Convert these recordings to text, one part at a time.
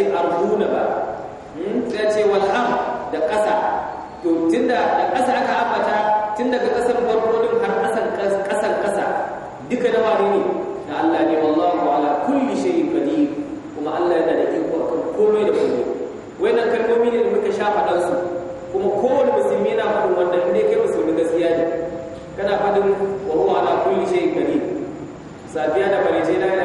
Hmm? ce arduna ba sai ce wal'am da ƙasa to tunda da ƙasa aka ambata tun daga ƙasar farko har ƙasar ƙasan ƙasa duka da wani ne da Allah ne wallahu ala kulli shay'in qadir kuma Allah yana da iko kan komai da komai wayannan kalmomi ne da muka sha faɗan su kuma kowane musulmi na faɗin wannan inda kai musulmi gaskiya ne kana faɗin wa huwa ala kulli shay'in qadir safiya da barejela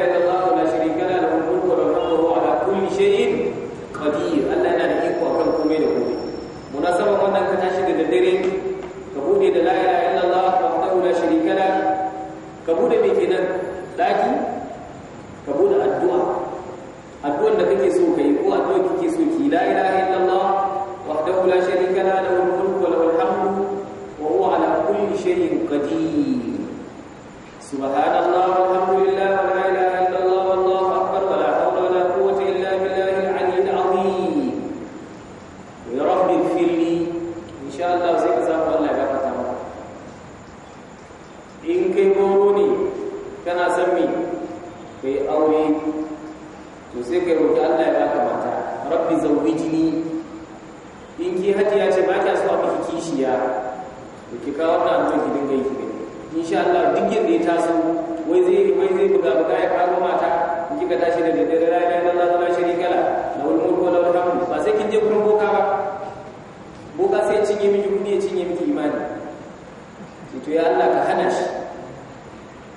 Allah ka hana shi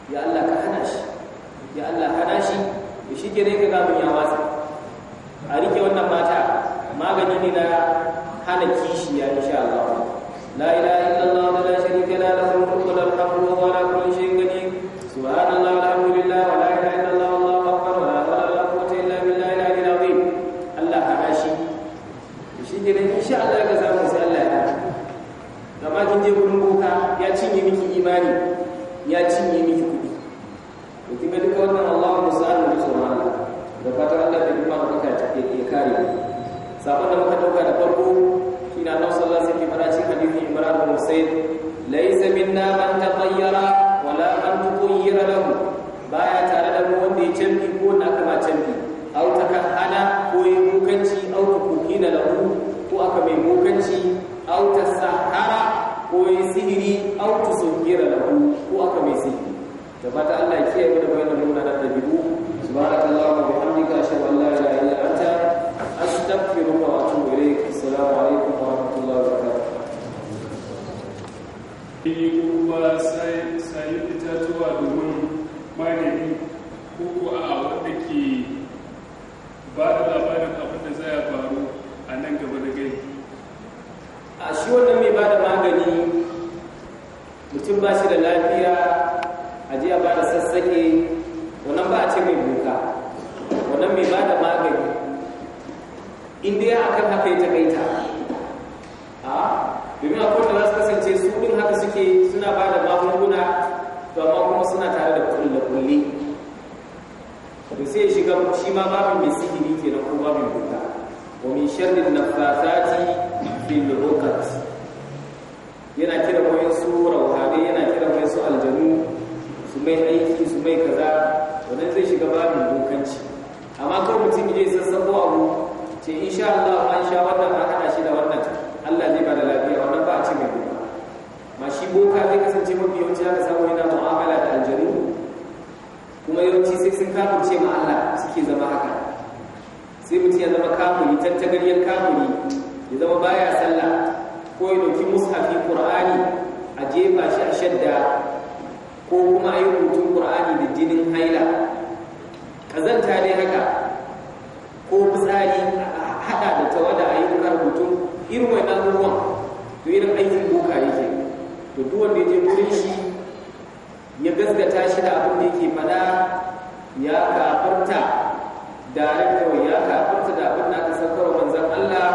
ya Allah ka hana shi ya Allah hana shi ya shige ne ka gamun ya watsa a rike wannan mata magani ne na hana kishi ya insha Allah la ilaha illallah wa la sharika la lahu mulku wa lahu al-hamdu wa la ala kulli shay'in qadir subhanallahi imani ya cinye miki kudi to kin ga duk wannan Allahu musa'an da tsoron Allah da fata Allah da kuma maka take ke kare sabon da muka dauka da farko shi na Allah sallallahu alaihi wasallam ya ce hadisi Imran bin Husayn laysa minna man tatayyara wala man tuqayyira lahu baya tare da wanda ya canfi ko na kama canfi aw hana ko ya mukanci aw tukina lahu ko aka mai mukanci aw tas sihiri aw da lahu ko aka mai sihiri da fata Allah ke yi da bayanan munanan dabi'u subhanallahi wa bihamdika ashhadu an la anta wa atubu ilayk assalamu alaikum wa rahmatullahi wa yi kuma sai sai itatuwa domin magani ko ko a wanda ke ba da labarin abin da zai faru a nan gaba da gai a shi wannan Indiya dai akan haka ya takaita a domin akwai da za kasance su din haka suke suna ba da magunguna to amma kuma suna tare da da kulle to sai ya shiga shi ma babin mai sihiri kenan ko babin buta wa min sharri nafathati fil uqad yana kira wayan su rauhane yana kira wayan su aljanu su mai aiki su mai kaza wannan zai shiga babin dokanci amma kar mutum ya sassabo abu in insha Allah an sha wannan an hada shi da wannan Allah zai bada lafiya wannan ba a ci mai boka ma shi boka zai kasance mafi yawanci aka samu yana mu'amala da aljanu kuma yawanci sai sun kafurce ma Allah suke zama haka sai mutum ya zama kafuri tattagariyar kafuri ya zama baya sallah ko ya dauki mushafi qur'ani a jefa shi a shadda ko kuma a yi rubutun qur'ani da jinin haila kazanta ne haka ko fitsari hada da tawada a yi rubuta mutum irin wannan ruwan to irin aikin boka yake to duk wanda je gurin shi ya gaskata shi da abin da yake fada ya kafarta da kawai ya kafarta da abin da aka saukarwa manzan Allah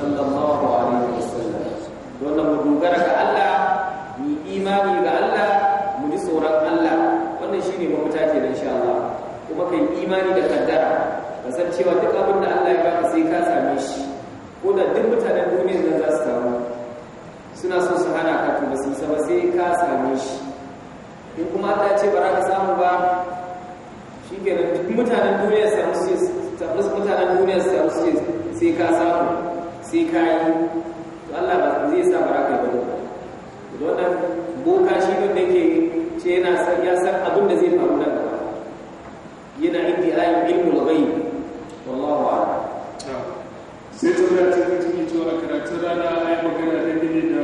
sallallahu alaihi wasallam wannan mu dogara ga Allah mu imani ga Allah mu ji tsoron Allah wannan shine mafita ke da insha Allah kuma kai imani da kaddara ka san cewa duk abin da Allah ya ka sai ka same shi ko da duk mutanen duniyar nan za su samu suna so su hana ka to ba su ba sai ka same shi in kuma Allah ya ce ba za ka samu ba shi ke nan duk mutanen duniyar samu su tabbas mutanen duniyar samu su sai ka samu sai ka yi to Allah ba zai sa baraka ba wannan boka shi ne da ke ce yana san ya san abin da zai faru nan yana iddiyayin ilmul ghaib zana a yi magana ta gini da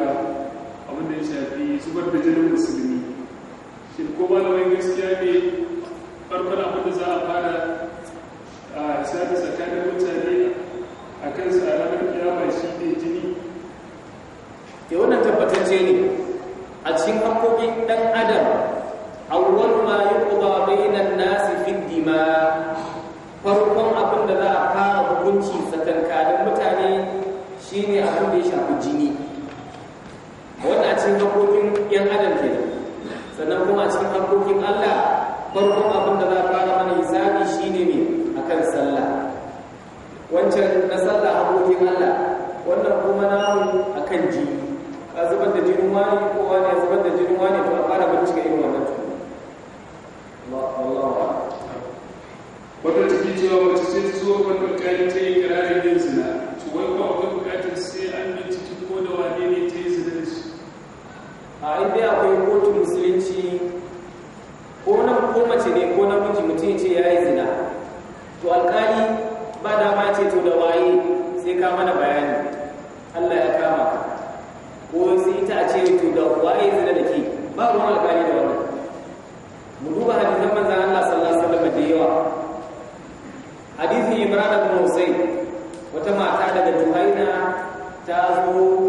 abin da ya shafi zubar da jinin musulmi shi ko malamai gaskiya ne farkon abin da za a fara a sami tsakanin mutane a kan su a ranar kiyama shi ne jini ya eh, wannan tabbatar ce ne a cikin haƙoƙin dan adam awwal ma yuqda bainan nasi fi dima farkon abin da za a fara hukunci tsakankanin Shi ne abin da ya shafi jini wanda a cikin harkokin yan adam ke sannan kuma a cikin harkokin Allah farkon abin da za a fara mana zaɓi shi ne akan sallah wancan na sallah harkokin Allah wannan kuma na a akan jini a zubar da jinin wani ko wani a zubar da jinin wani to a fara bincika irin wannan tuni Allah wa wata ciki cewa mace ce zuwa wannan kayan ta yi da yin mace ne ko namiji mutum ce ya yi zina to alkali ba dama ce to da waye sai ka mana bayani Allah ya kama ka ko sai ita a ce to da waye zina da ke ba ruwan alkali da wannan mu duba hadisan manzan Allah sallallahu alaihi wasallam da yawa hadisin Imran ibn Husayn wata mata daga Juhaina ta zo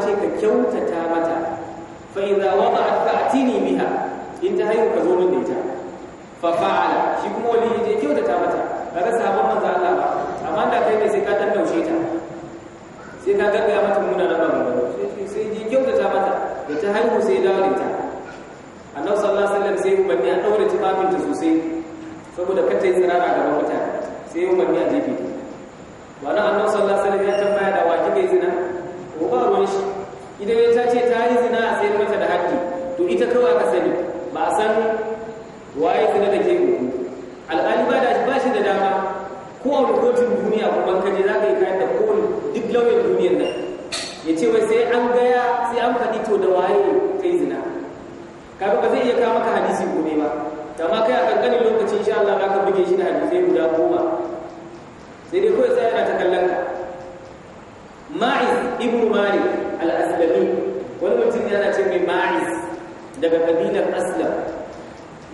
ce ka kyautata mata fa idza wada'at fa'tini biha in ta hayu ka zo min da ita fa fa'ala shi kuma wali ya kyautata mata kaga sabon manzo Allah ba amma da kai ne sai ka dan daushe ta sai ka ga ya mata muna nan ba sai ji kyautata mata da ta hayu sai dawo da ita annabi sallallahu alaihi wasallam sai umarni a daure ta sosai saboda kar ta yi tsirara gaban mutane sai umarni a jefe ta wannan annabi sallallahu alaihi wasallam ya tambaya da wajibi zina ko ba ruwan shi idan ya tace ta yi zina a sayar mata da haddi to ita kawai aka sani ba a san waye zina da ke gobe Al'adu ba da ba shi da dama Ko a kotun duniya kuma kaje za ka yi kayan da kowane duk lauyan duniyar nan ya ce wai sai an gaya sai an faɗi to da waye ta yi zina kafin ba zai iya kawo maka hadisi gobe ba ma kai a ƙanƙanin lokaci insha Allah za ka buge shi da hadisai guda goma sai dai kawai sai yana ta kallon ka ma'iz ibn malik al-aslami wani mutum yana ce mai ma'iz daga kabilar aslam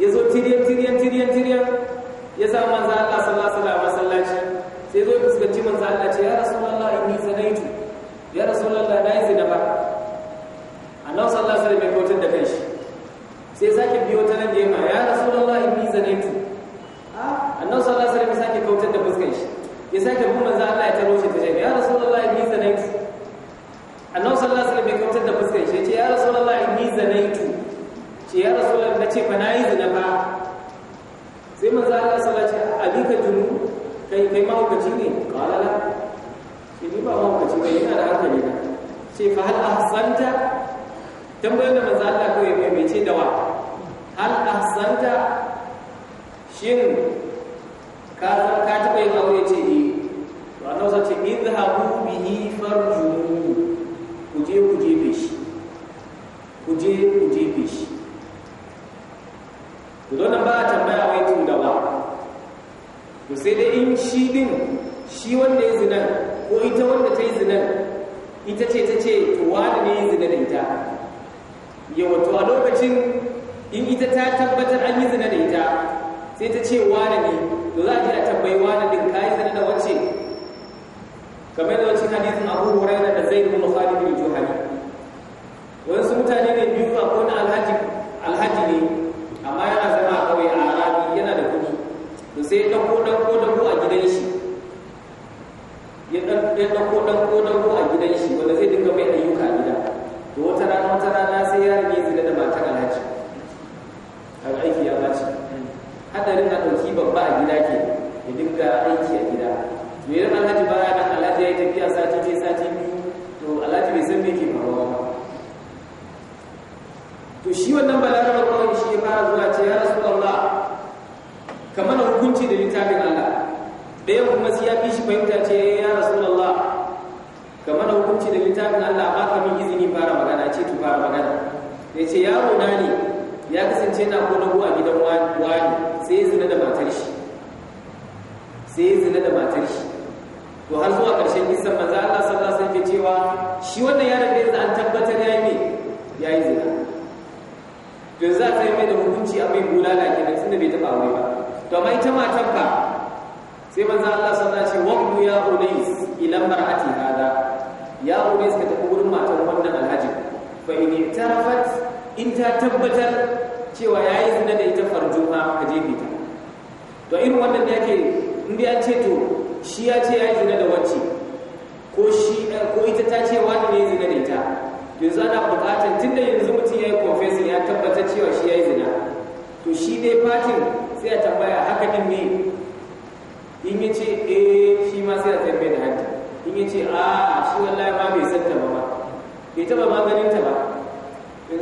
ya zo tiriyan tiriyan tiriyan tiriyan ya sa manzo Allah sallallahu alaihi wasallam sai zo fuskanci manzo Allah ce ya rasulullah inni zanaitu ya rasulullah nayi zina ba annabi sallallahu alaihi wasallam ya kautar da kanshi sai sake biyo ta nan da yamma ya rasulullah inni zanaitu annabi sallallahu alaihi wasallam sake kautar da fuskar shi ya sake bin manzo ce fa na yi zina ba sai manzo Allah sallallahu alaihi wasallam ce alika junu kai kai mahaukaci ne qala la shi ni ba mahaukaci ba yana da hankali ne ce fa hal ahsanta tambayar da manzo Allah kai mai mai ce da wa hal ahsanta shin ka ka taba yin aure ce ni e. to Allah sai ce idhabu bihi farjuhu kuje kuje be shi kuje ba a tambaya wai tun da ba to sai dai in shi din shi wanda ya zinan ko ita wanda ta yi zinan ita ce ta ce to wani ne ya zina da ita yawa to a lokacin in ita ta tabbatar an yi zina da ita sai ta ce wani ne to za a jira tabbai wani din ka yi zina da wacce kamar da wancan hadisin abu huraira da zai kuma khalid bin wani wasu mutane ne biyu a kona alhaji alhaji ne berdengkur-dengkur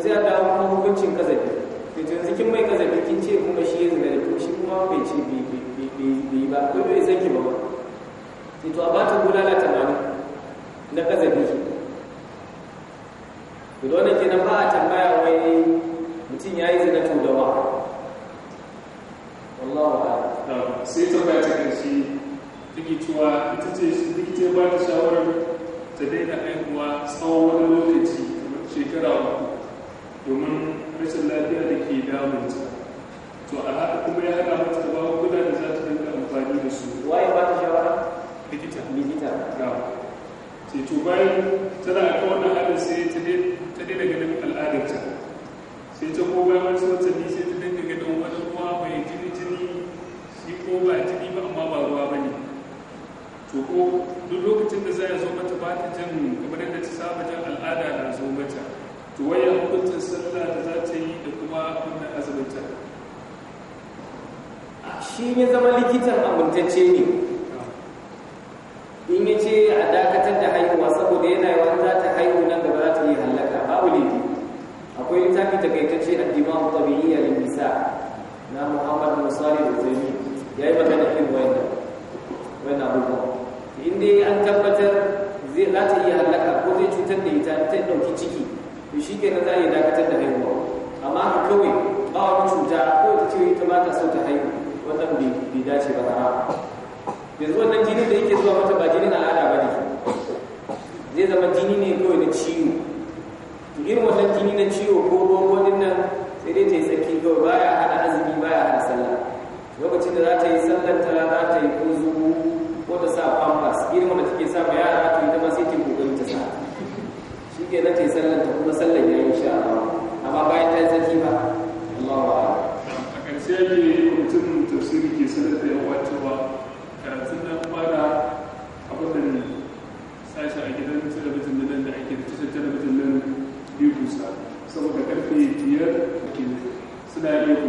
yanzu ya dawo kuma hukuncin kazafi to yanzu kin mai kazafi kin ce kuma shi ya zina da kuma shi kuma bai ce bi ba ko bai zaki ba ba to a ba ta bulala tamanin na shi to da wannan kenan ba a tambaya wai mutum ya yi zina to da wa wallahu a'lam sai ba ta karshe rikicewa ita ce rikice ba ta shawarar ta daina haihuwa tsawon wani lokaci shekara uku domin rashin lafiya da ke damunta to a haka kuma ya haɗa mata ba ku da za ta dinga amfani da su waye ba ta shawara likita likita ga sai to bayan tana ga wannan halin sai ta dai ta dai daga nan al'adar ta sai ta ba bayan wasu ni sai ta dinga ga dan wani kuma bai jini jini shi ko ba jini ba amma ba ruwa ba ne to ko duk lokacin da za ya zo mata ba ta jin kamar yadda ta saba jin al'ada na zo mata to waya hukuncin sallah da za ta yi da kuma wannan azumin ta shi ya zama likitan amintacce ne in ya ce a dakatar da haihuwa saboda yana yawan za ta haihu nan gaba za ta yi hallaka babu laifi akwai littafi takaitacce addima'u tabi'iyya lin nisa na Muhammad Musali da Ya yi magana kan wannan wannan abubuwa in dai an tabbatar zai za ta iya hallaka ko zai cutar da ita ta ɗauki ciki to shi ke za a iya dakatar da haihuwa amma haka kawai ba wani cuta ko ta ce ita ba ta so ta haihu wannan bai dace ba haram yanzu wannan jini da yake zuwa mata ba na al'ada ba ne zai zama jini ne kawai na ciwo to irin wannan jini na ciwo ko ruwan nan sai dai ta yi tsaki kawai baya hana azumi baya hana sallah lokacin da za ta yi sallar ta za ta yi ko kunzugu ko ta sa pampas irin wanda take sa ma yara ta yi ta ma sai ta yi kokarin ta sa ke na ce sallan ta kuma sallan ya yi sha amma bayan ta yi tsarki ba Allah wa a ƙarshe ne mutum tafsiri ke sanar da yawa cewa karatun nan fara abubuwan da ne sashi a gidan talabijin da nan da ake da tashar talabijin nan biyu kusa saboda karfe biyar da ke suna yi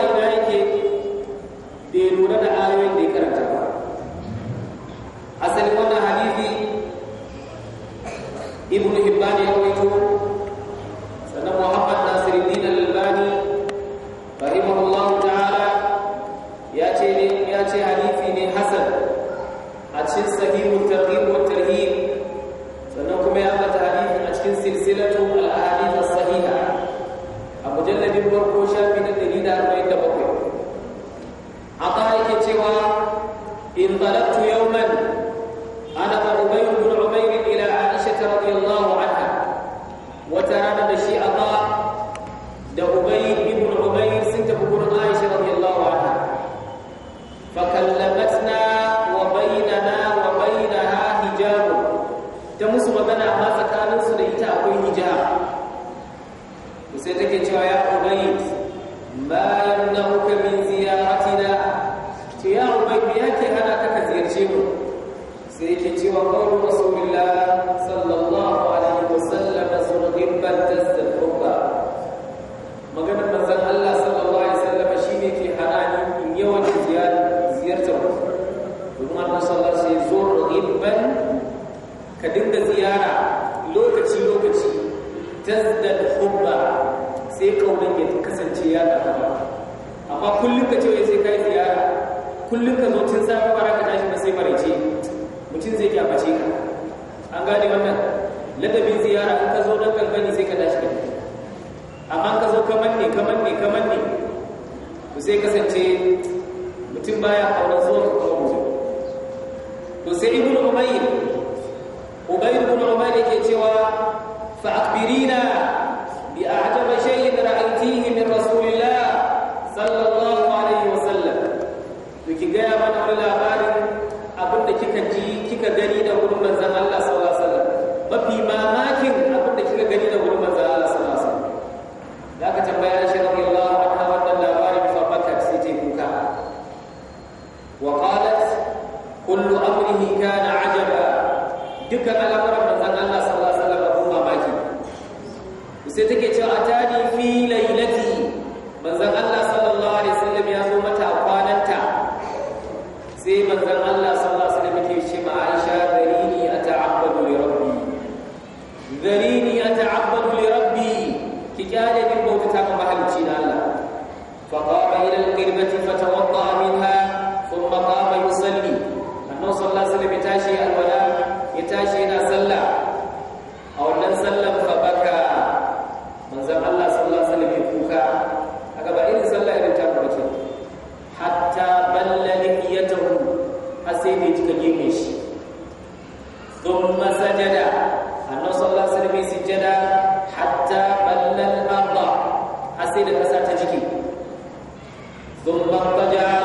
zuwa ina yake bai lura da ayoyin da ya karanta ba asalin wannan hadisi wannan ladabin ziyara in ka zo don kankani sai ka dashi ka amma ka zo ka manne ka manne ka manne to sai kasance mutum baya a wurin zuwa ka kuma mutum to sai ibn umayr ubayr ibn umayr yake cewa fa akbirina bi a'jaba shay'in ra'aytihi min rasulillah sallallahu alaihi sallam to ki ga mana labarin abinda kika ji kika gani da gurbin manzon Allah sallallahu mafi mamakin Sumpah pekerjaan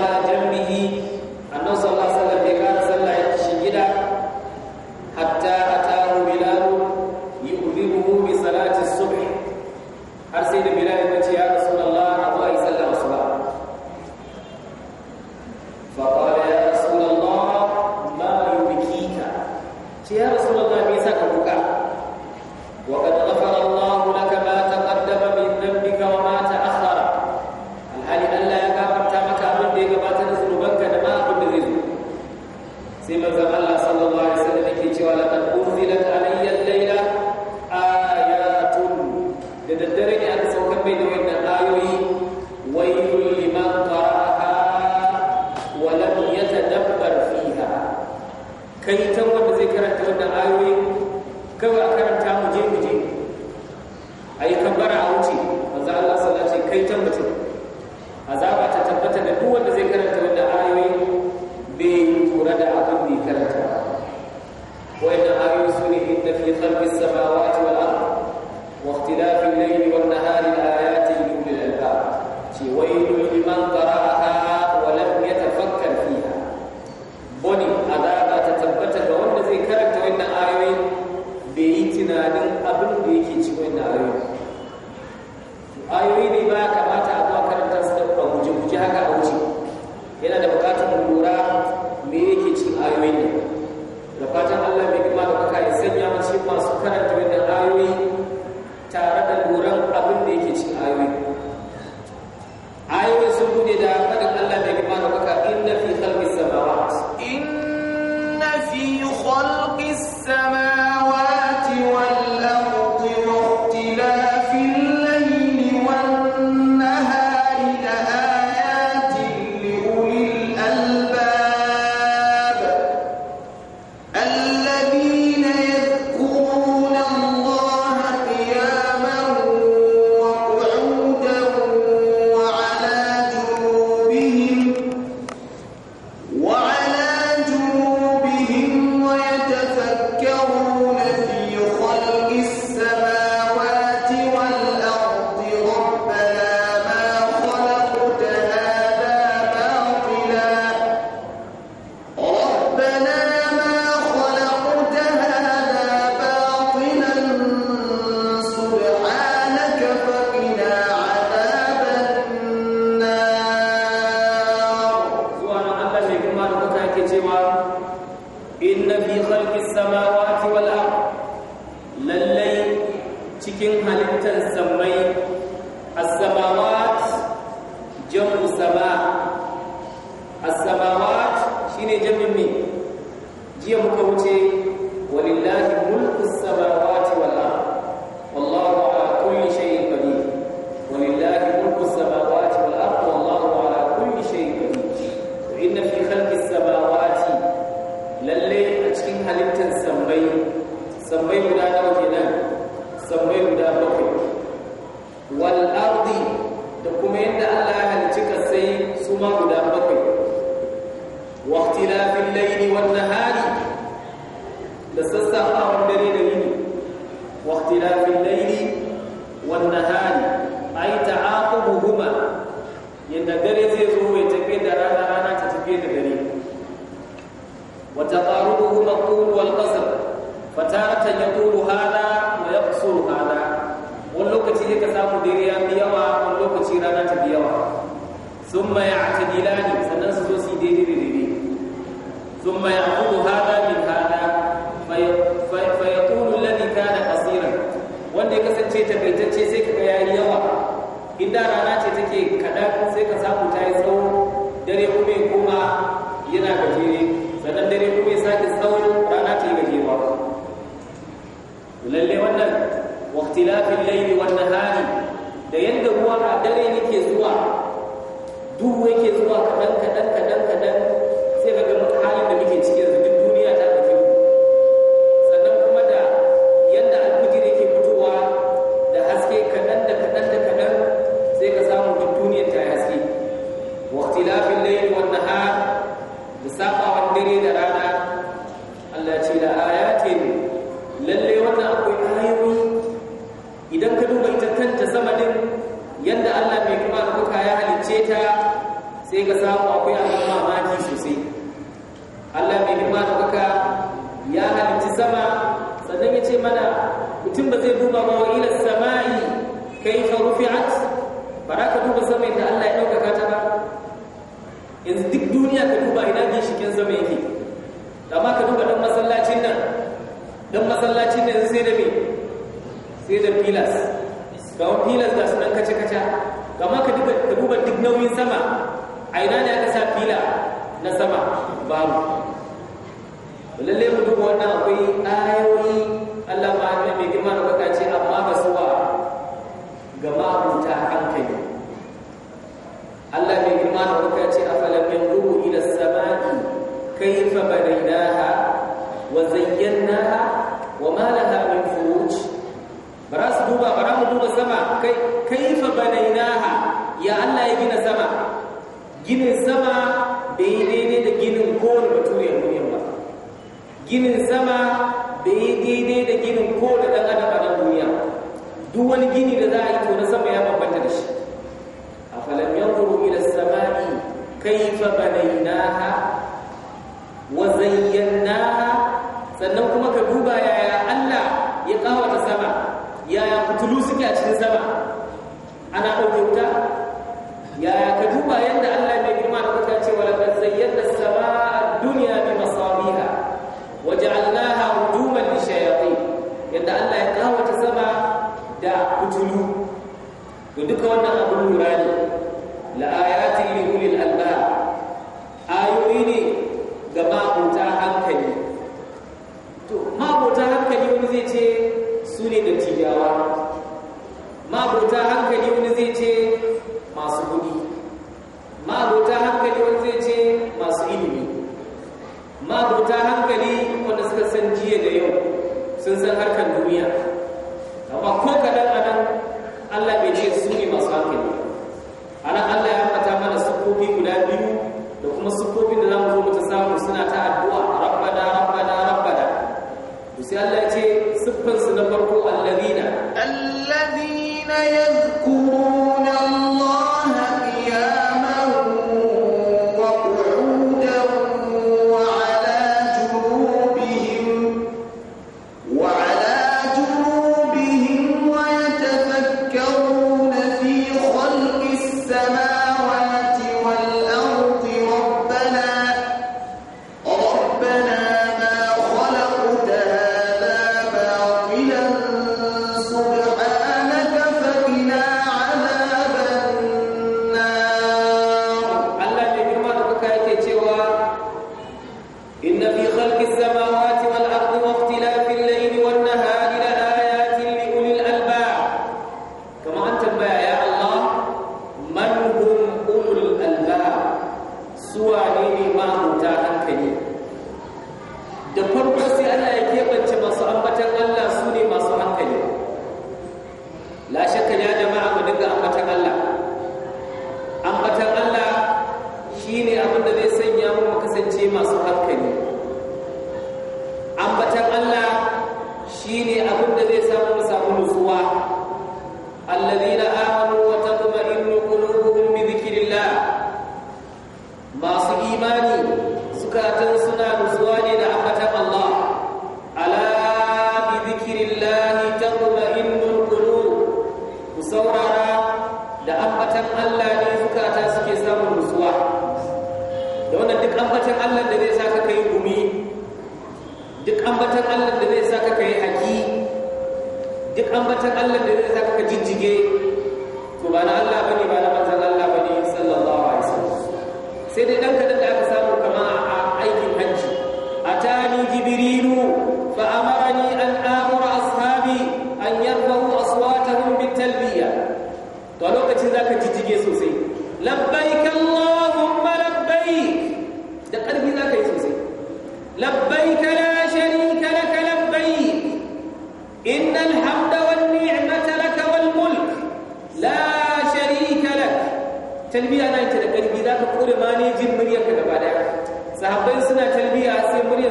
sai ka samu akwai abin mamaki sosai Allah mai girma da kuka ya halicci sama sannan ya ce mana mutum ba zai duba ba wa ila sama'i kai ka rufi'at ba za ka duba sama da Allah ya ɗaukaka ta ba yanzu duk duniya ka duba ina ginshikin sama yake amma ka duba dan masallacin nan dan masallacin nan sai da me sai da filas ga filas ga sunan kace kace amma ka duba ka duba duk nauyin sama a ina ne aka sa fila na sama babu lalle mu duk wannan akwai ayoyi Allah ba ya mai girma da baka ce amma ba suwa ga mabuta hankali Allah mai girma da baka ce afalam yanzuru ila samai kayfa badainaha wa zayyanaha wa ma laha min furuj bara su duba bara mu duba sama kai kayfa badainaha ya Allah ya gina sama ginin sama bai yi daidai da ginin kowane bature duniyan ba ginin sama bai yi daidai da ginin kowane ɗan adam a duniya duk wani gini da za a yi to na sama ya bambanta da shi a yan kuro ila samai kayfa banaynaha wa zayyannaha sannan kuma ka duba yaya Allah ya kawata sama yaya fitulu suke a cikin sama ana ɗauke ya ka duba yadda Allah ne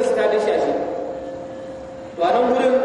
su ta dashe shi to a nan gurin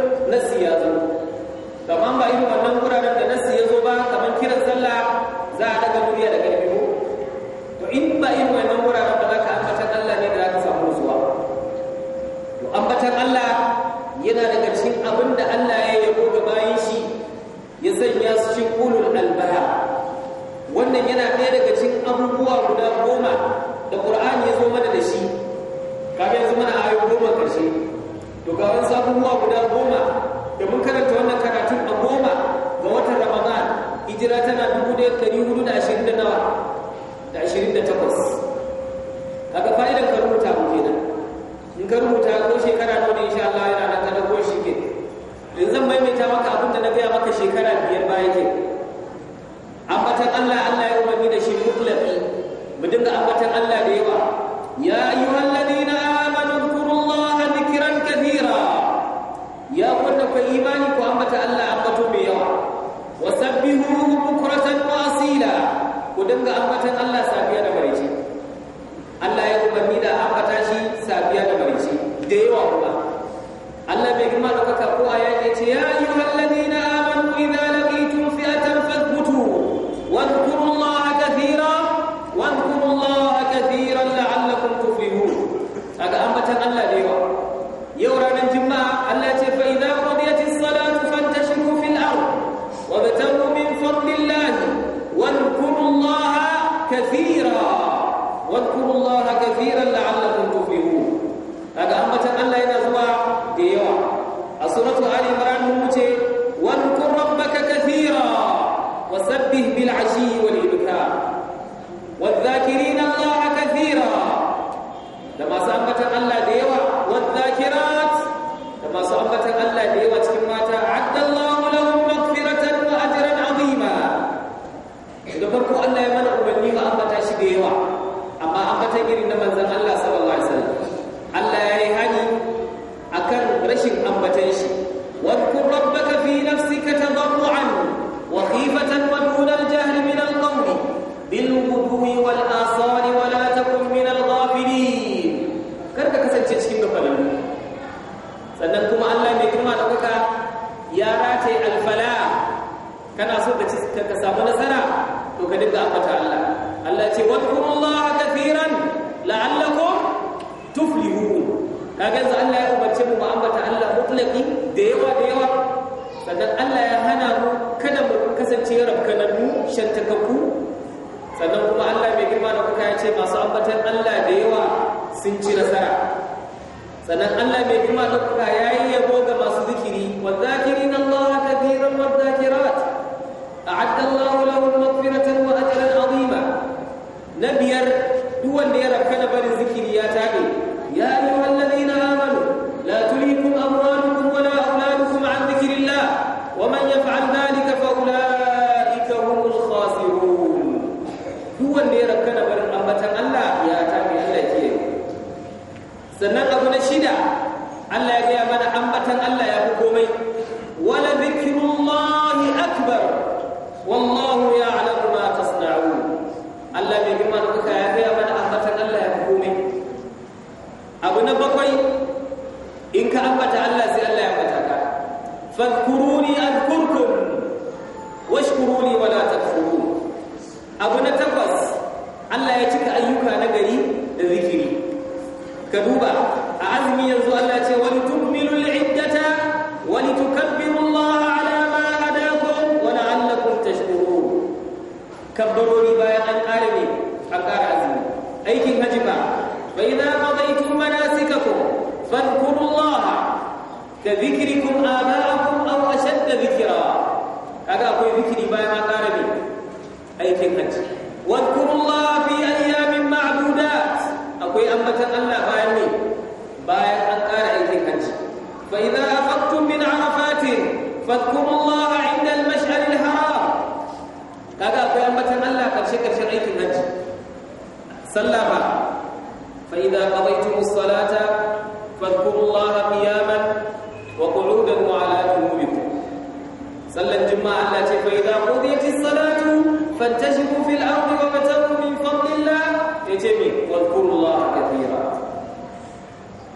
kuma Allah ce fa Idan qudiyatis salatu fantashiru fil ardi wa batagu min fadlillah yace me wadhkurullaha kathira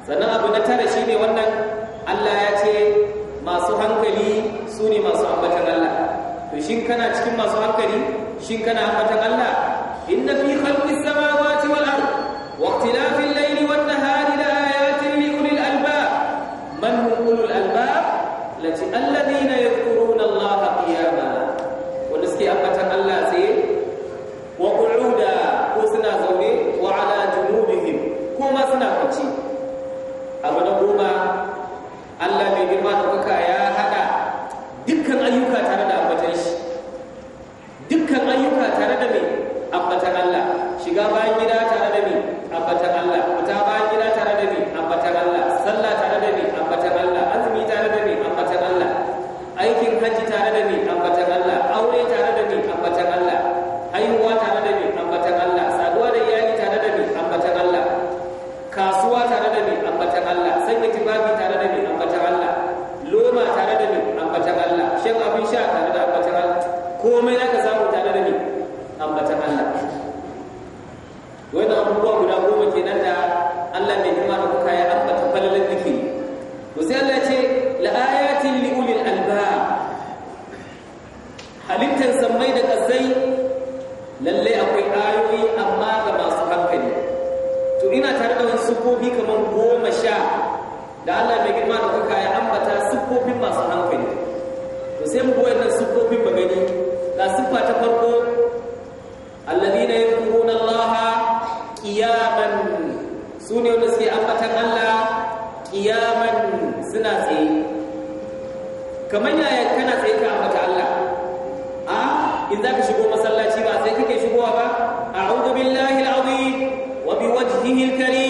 sannan abu na tara shine wannan Allah ya ce masu hankali su ne masu ambatan Allah to shin kana cikin masu hankali shin kana ambatan Allah inna fi khalqis samawati wal ardi waqti siffofi kamar goma sha da Allah mai girma da kuka ya ambata siffofin masu hankali to sai mu goyen nan siffofin ba gani ga siffa ta farko alladina yadhkuruna Allah qiyaman sune wanda suke ambatan Allah qiyaman suna tsaye kamar yaya kana tsaye ka ambata Allah a in zaka shigo masallaci ba sai kake shigowa ba a'udhu billahi al-azim wa biwajhihi al-karim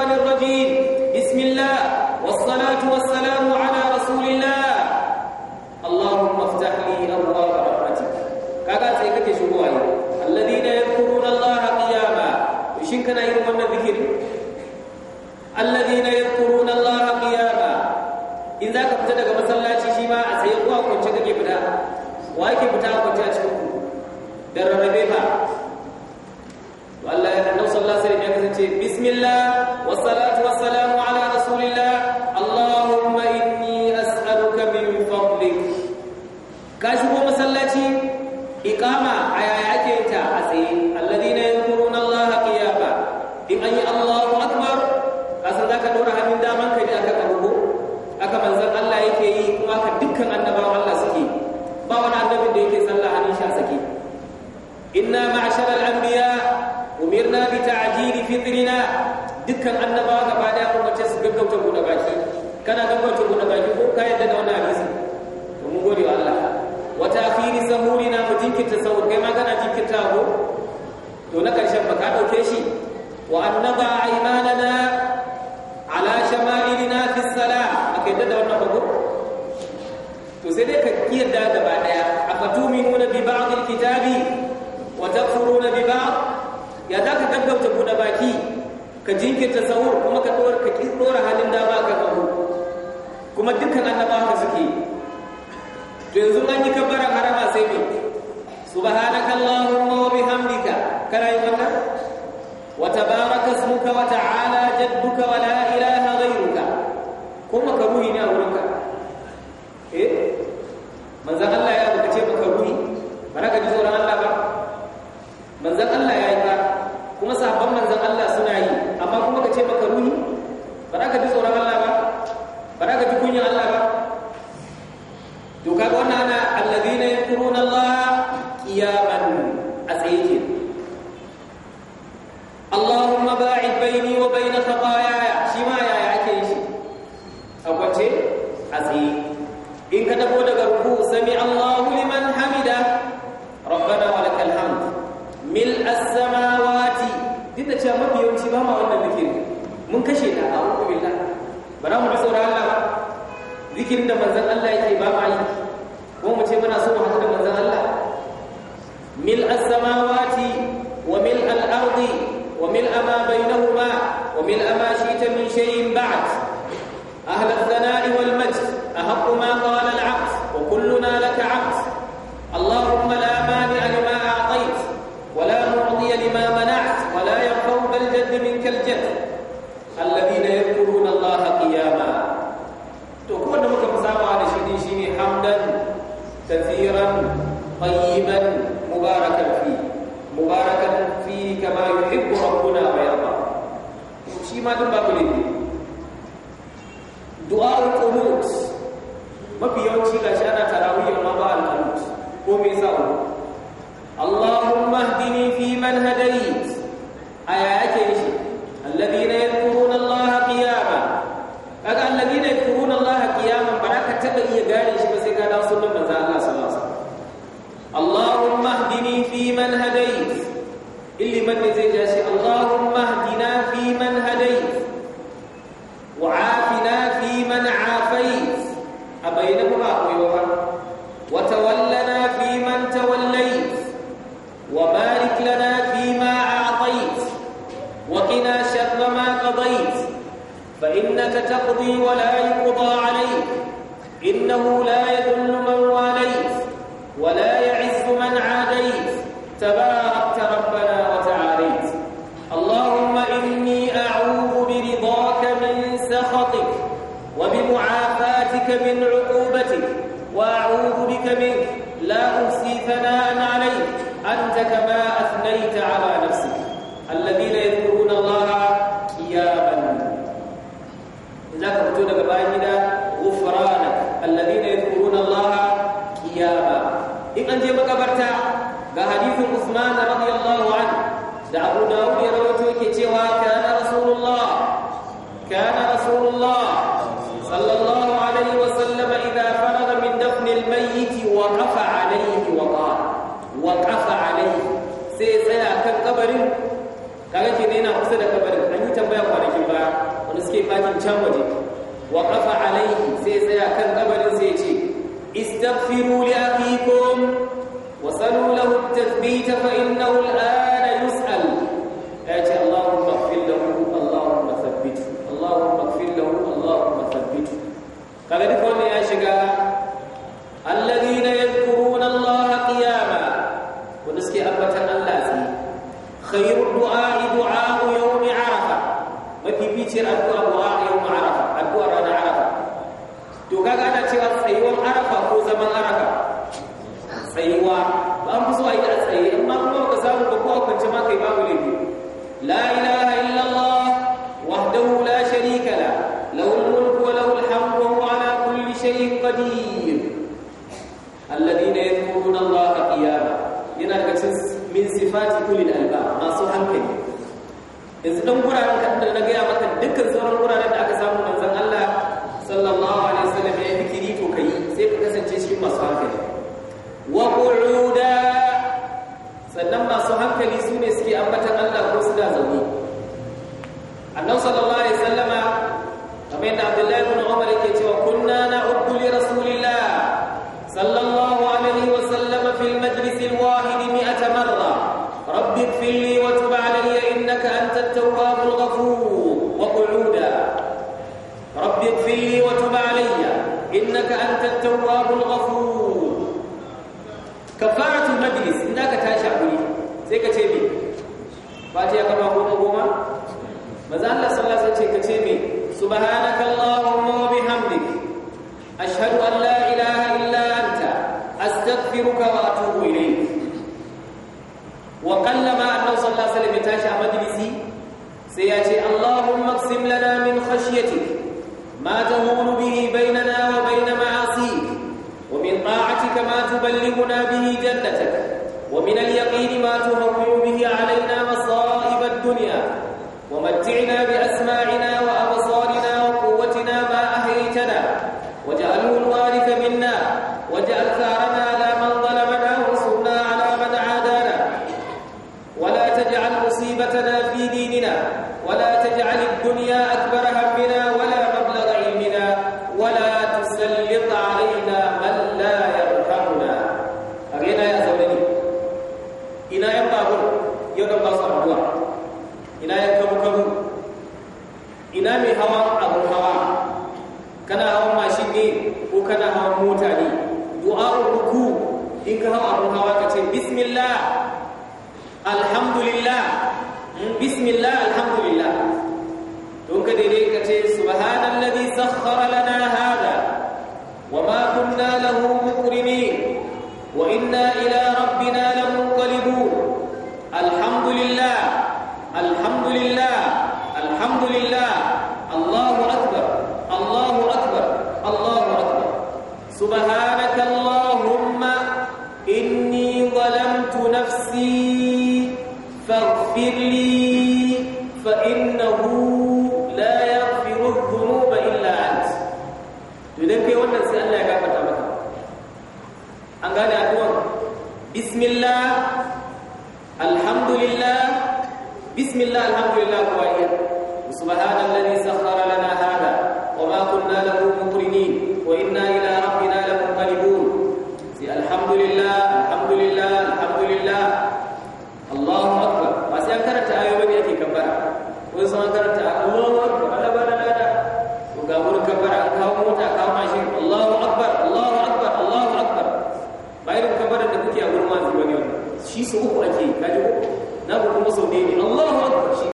الشيطان الرجيم بسم الله والصلاة والسلام على رسول الله ku da baki kana ganin ku da baki ko ka yadda da wannan hadisi to mun gode wa Allah wata akhiri sahuri na mu jinkirta sahur kai ma kana jinkirta ko to na karshen ba ka dauke shi wa annaba aymanana ala shamalina fi salah akai da wannan bago to sai dai ka kiyarda gaba daya afatuminuna bi ba'd alkitabi wa takfuruna bi ba'd ya zaka ku da baki ka jinkirta sahur kuma ka dora ka dora halin da ba ka kawo kuma dukkan annaba ka suke to yanzu an yi kabbaran harama sai me subhanakallahumma wa bihamdika kana yi maka wa tabaraka ismuka wa ta'ala jadduka wa la ilaha ghayruka kuma ka ruhi ne a wurinka eh manzon Allah وملء ما بينهما وملء ما شئت من شيء بعد أهل الثناء والمجد اهق ما قال shi ma duk babu ne du'a'ul qunut mafi yawanci gashi ana tarawih amma ba al-qunut ko me yasa Allahumma hdini fi man hadayt وأعوذ بك منك لا أحصي ثناء عليك أنت كما أثنيت على نفسك الذين يذكرون الله قياما إذا كنت لك بايدا غفرانك الذين يذكرون الله قياما إن أنت مكبرتا بحديث عثمان رضي الله عنه دعوا داود يروي kabarin kaga kenan yana kusa da kabarin an yi tambaya kwanakin baya wani suke fakin can waje wa kafa alaihi sai tsaya kan kabarin sai ce istaghfiru li akhikum wa salu lahu at-tathbita fa innahu al-ana yus'al ya ce allahumma ighfir lahu allahumma thabbithu allahumma ighfir lahu allahumma kaga duk ya shiga alladhi zaman araka tsayuwa ba mu zuwa yi a tsaye amma kuma ka samu ba kowa kwance ma kai babu la ilaha illallah wahdahu la sharika la lahu al wa lahu al wa huwa ala kulli shay'in qadir alladhina Allah qiyama yana daga cikin min sifati kulli al masu hankali yanzu dan guraren da na ga maka dukkan sauran guraren da aka samu manzon Allah cikin masu wa ƙuruda sannan masu hankali su ne suke ambatan Allah ko suna zaune annabi sallallahu alaihi wasallama kamar yadda Abdullahi تبلغنا به جنتك ومن اليقين ما تهون به علينا مصائب الدنيا ومتعنا بأسماعنا